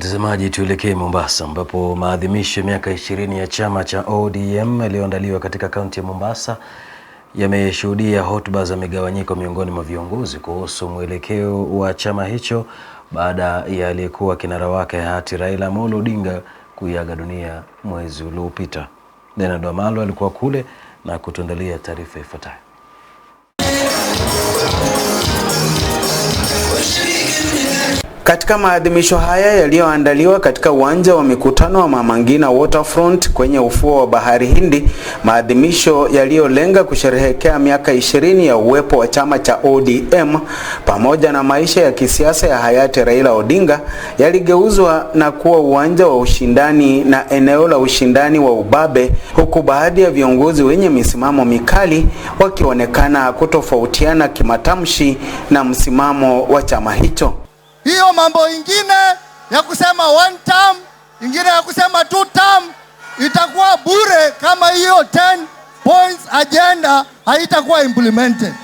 Mtazamaji, tuelekee Mombasa ambapo maadhimisho ya miaka ishirini ya chama cha ODM yaliyoandaliwa katika kaunti ya Mombasa yameshuhudia hotuba za migawanyiko miongoni mwa viongozi kuhusu mwelekeo wa chama hicho baada ya aliyekuwa kinara wake hayati Raila Amolo Odinga kuiaga dunia mwezi uliopita. Bernard Wamalo alikuwa kule na kutuandalia taarifa ifuatayo. Katika maadhimisho haya yaliyoandaliwa katika uwanja wa mikutano wa Mama Ngina Waterfront kwenye ufuo wa Bahari Hindi, maadhimisho yaliyolenga kusherehekea miaka ishirini ya uwepo wa chama cha ODM pamoja na maisha ya kisiasa ya hayati Raila Odinga yaligeuzwa na kuwa uwanja wa ushindani na eneo la ushindani wa ubabe, huku baadhi ya viongozi wenye misimamo mikali wakionekana kutofautiana kimatamshi na msimamo wa chama hicho hiyo mambo ingine ya kusema one term, ingine ya kusema two term itakuwa bure kama hiyo 10 points agenda haitakuwa implemented.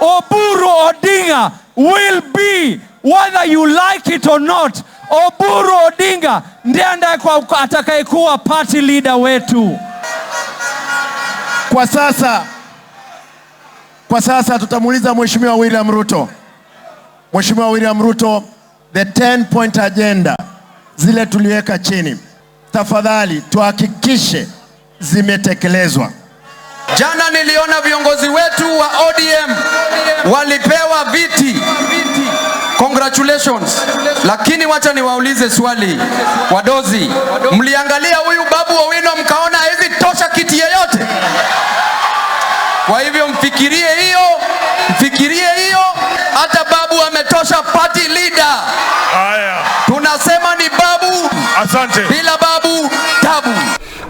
Oburu Odinga will be whether you like it or not. Oburu Odinga ndiye atakayekuwa party leader wetu kwa sasa. Kwa sasa tutamuuliza Mheshimiwa William Ruto. Mheshimiwa William Ruto, the 10 point agenda zile tuliweka chini, tafadhali tuhakikishe zimetekelezwa. Jana niliona viongozi wetu wa ODM walipewa viti, congratulations. Lakini wacha niwaulize swali, wadozi, mliangalia huyu Babu Owino mkaona hivi tosha kiti yeyote? Kwa hivyo mfikirie tunamwondosha party leader. Haya, tunasema ni babu. Asante. Bila babu tabu.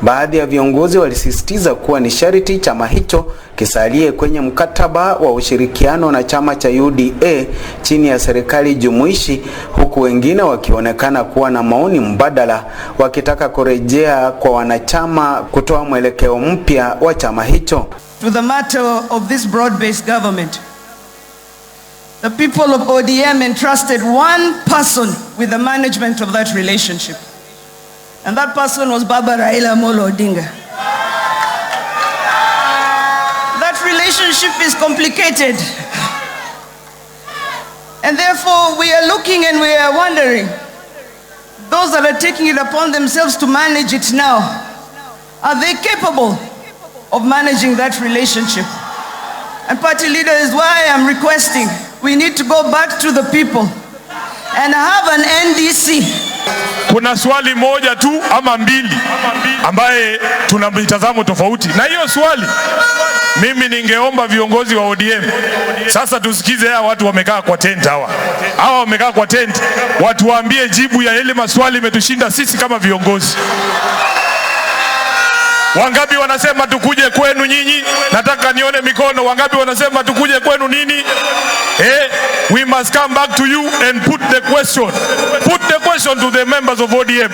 Baadhi ya viongozi walisisitiza kuwa ni sharti chama hicho kisalie kwenye mkataba wa ushirikiano na chama cha UDA chini ya serikali jumuishi, huku wengine wakionekana kuwa na maoni mbadala, wakitaka kurejea kwa wanachama kutoa mwelekeo mpya wa chama hicho. To the matter of this broad-based government The people of ODM entrusted one person with the management of that relationship. And that person was Baba Raila Molo Odinga. That relationship is complicated. And therefore, we are looking and we are wondering those that are taking it upon themselves to manage it now, are they capable of managing that relationship? And party leader is why I'm requesting we need to go back to the people and have an NDC. Kuna swali moja tu ama mbili ambaye tuna mitazamo tofauti na hiyo swali mimi ningeomba viongozi wa ODM sasa tusikize hawa watu wamekaa kwa tent, hawa hawa wamekaa kwa tent, watuambie jibu ya ile maswali imetushinda sisi kama viongozi. Wangapi wanasema tukuje kwenu nyinyi? Nataka nione mikono. Wangapi wanasema tukuje kwenu nini? Eh, we must come back to you and put the question. Put the question to the members of ODM.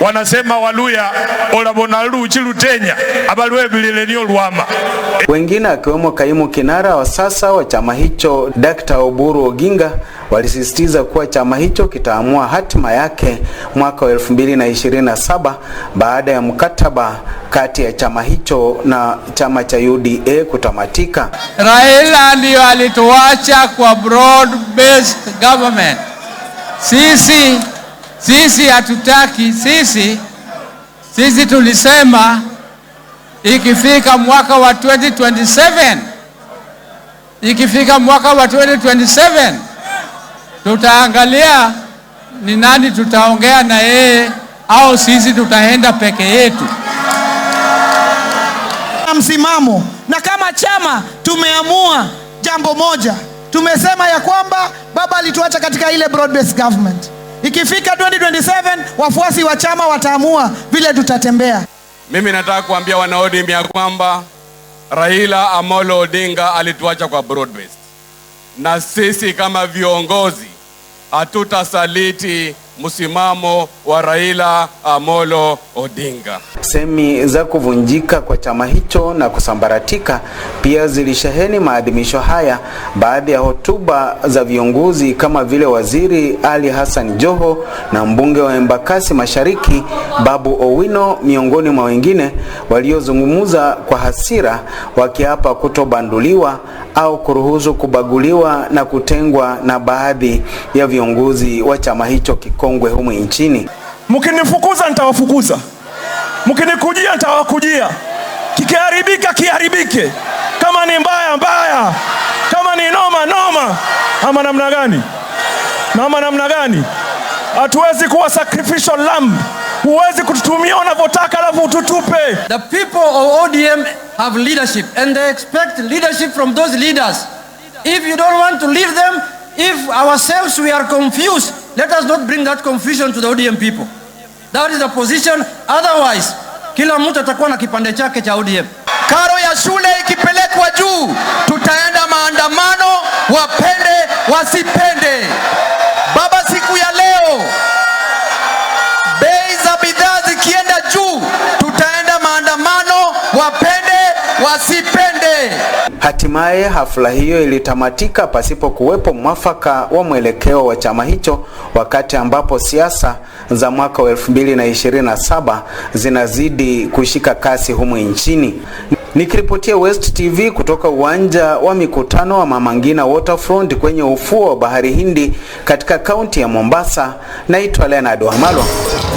Wanasema Waluya olabonalu chilutenya abaliwe lwama. Wengine akiwemo kaimu kinara wa sasa wa chama hicho Dr. Oburu Oginga walisisitiza kuwa chama hicho kitaamua hatima yake mwaka wa 2027 baada ya mkataba kati ya chama hicho na chama cha UDA kutamatika. Raila ndio alituacha kwa broad based government. Sisi sisi hatutaki, sisi sisi tulisema ikifika mwaka wa 2027 ikifika mwaka wa 2027 tutaangalia ni nani tutaongea na yeye au sisi tutaenda peke yetu msimamo. Na kama chama tumeamua jambo moja, tumesema ya kwamba baba alituacha katika ile broad based government. Ikifika 2027 wafuasi wa chama wataamua vile tutatembea. Mimi nataka kuambia wana ODM ya kwamba Raila Amolo Odinga alituacha kwa broad based, na sisi kama viongozi hatutasaliti msimamo wa Raila Amolo Odinga. Semi za kuvunjika kwa chama hicho na kusambaratika pia zilisheheni maadhimisho haya, baadhi ya hotuba za viongozi kama vile Waziri Ali Hassan Joho na mbunge wa Embakasi Mashariki Babu Owino, miongoni mwa wengine waliozungumza kwa hasira, wakiapa kutobanduliwa au kuruhusu kubaguliwa na kutengwa na baadhi ya viongozi wa chama hicho kiko wakongwe humu nchini. Mkinifukuza nitawafukuza, mkinikujia nitawakujia, kikiharibika kiharibike, kama ni mbaya mbaya, kama ni noma noma, ama namna gani? Ama namna gani? Hatuwezi kuwa sacrificial lamb. Huwezi kututumia unavyotaka alafu ututupe. The people of ODM have leadership and they expect leadership from those leaders. If you don't want to leave them if ourselves we are confused, let us not bring that confusion to the ODM people. That is the position. Otherwise, kila mtu atakuwa na kipande chake cha ODM. Karo ya shule ikipelekwa juu, tutaenda maandamano, wapende wasipende. Baba, siku ya leo bei za bidhaa zikienda juu, tutaenda maandamano, wapende wasipende. Hatimaye hafla hiyo ilitamatika pasipo kuwepo mwafaka wa mwelekeo wa chama hicho, wakati ambapo siasa za mwaka wa 2027 zinazidi kushika kasi humu nchini. Nikiripotia West TV kutoka uwanja wa mikutano wa Mama Ngina Waterfront kwenye ufuo wa Bahari Hindi katika kaunti ya Mombasa, naitwa Leonard Wamalwa.